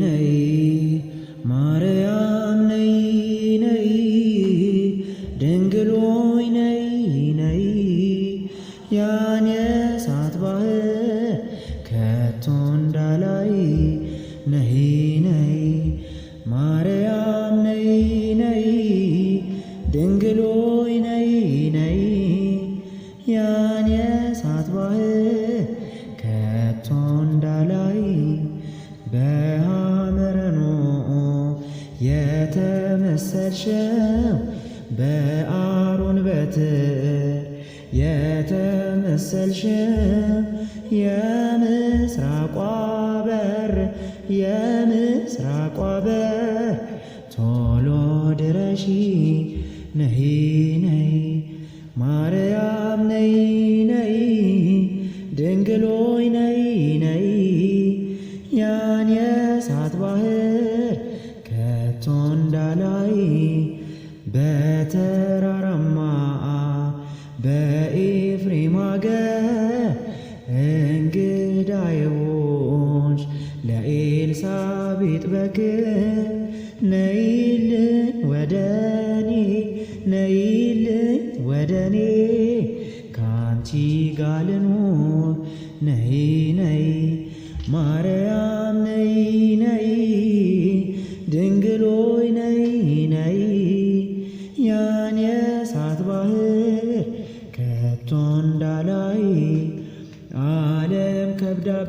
ነይ ማርያም ነይ ነይ ድንግል ሆይ ነይ ነይ ያን የእሳት ባህ ከቶ እንዳላይ ነይ ነይ ማርያም ነይ ነይ ድንግል ነይ ነይ ያን የእሳት ባህር ሸው በአሮን በትር የተመሰልሸው የምስራቋ በር የምስራቋ በር ቶሎ ድረሺ ነይ ነይ ማርያም ነይ ነይ ድንግሎ በተራራማ በኤፍሬም አገር እንግዳ የሆንሽ ለኤልሳቤጥ በክር ነይልን ወደ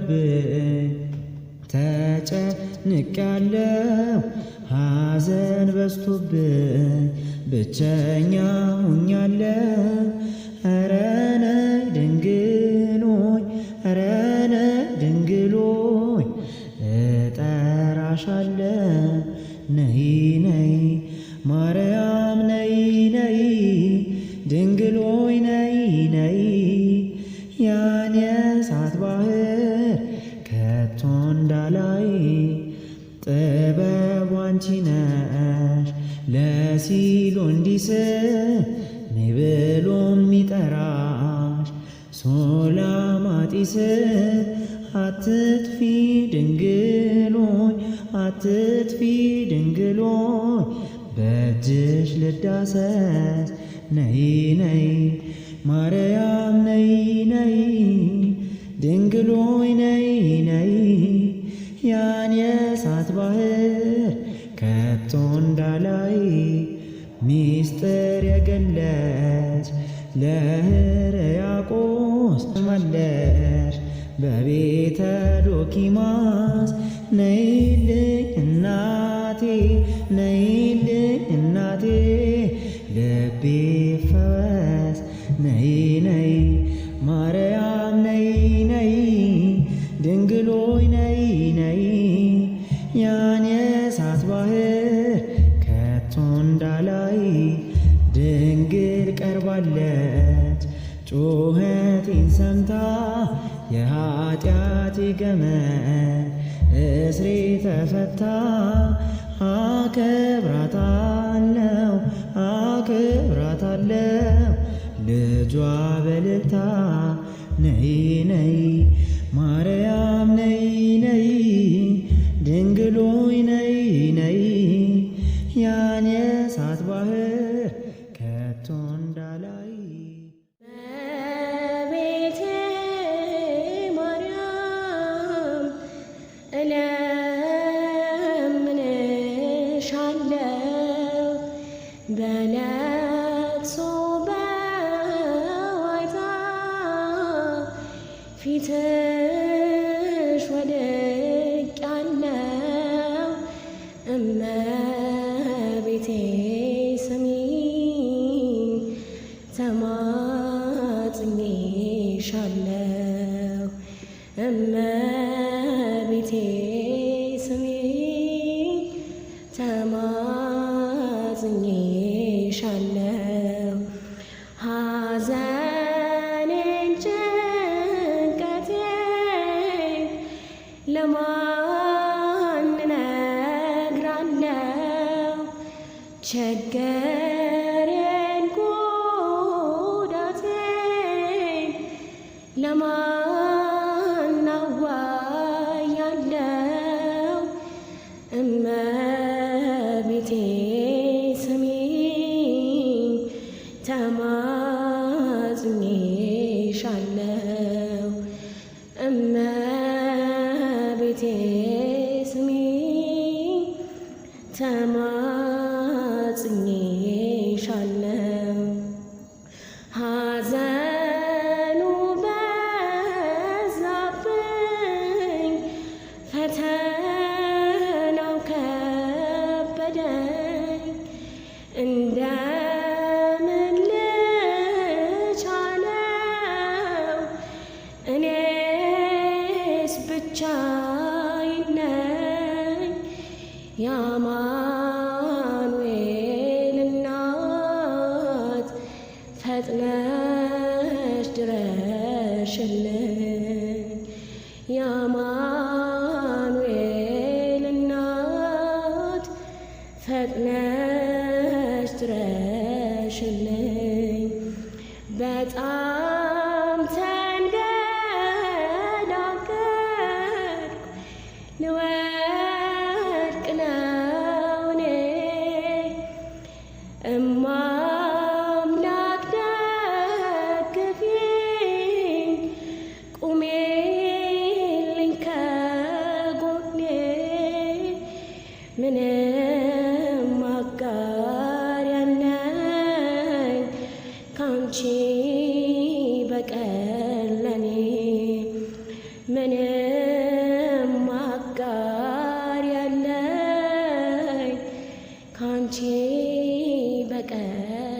ሆነብኝ ተጨንቄያለሁ ሐዘን በዝቶብኝ ብቸኛ ሆኛለሁ። ጊስ ነይ ብሎ የሚጠራሽ ሶላማጢስ አትጥፊ ድንግሎይ አትጥፊ ድንግሎኝ! በእጅሽ ልዳሰስ ነይ ነይ ማርያም ነይ ነይ ድንግሎኝ ነይ ነይ ያን የእሳት ባህር ከቶ እንዳላይ ሚስጥር የገለጽ ለሕርያቆስ መለሽ በቤተ ዶኪማስ ነይልኝ እናቴ ነይልኝ እናቴ ልቤ ፈወስ ነይ ነይ ማርያም ነይ ነይ ድንግሎይ የኃጢአት ገመድ እስሬ ተፈታ። አከብራታለው አከብራታለው ልጇ በልታ ነይ ነይ ማርያም ነይ ነይ ድንግሎይ ነይ ነይ ያን የእሳት ባህር ከቶ بلغت صباوتا ፊትሽ ወድቄአለሁ እመቤቴ ለማን እነግራለሁ ቸገረን ጉዳቴን ለማን አዋያለሁ? የአማኑኤል እናት ፈጥነሽ ድረሽልን። የአማኑኤል እናት ፈጥነሽ ድረሽልን። በጣም ተንገዳገድኩ ልወ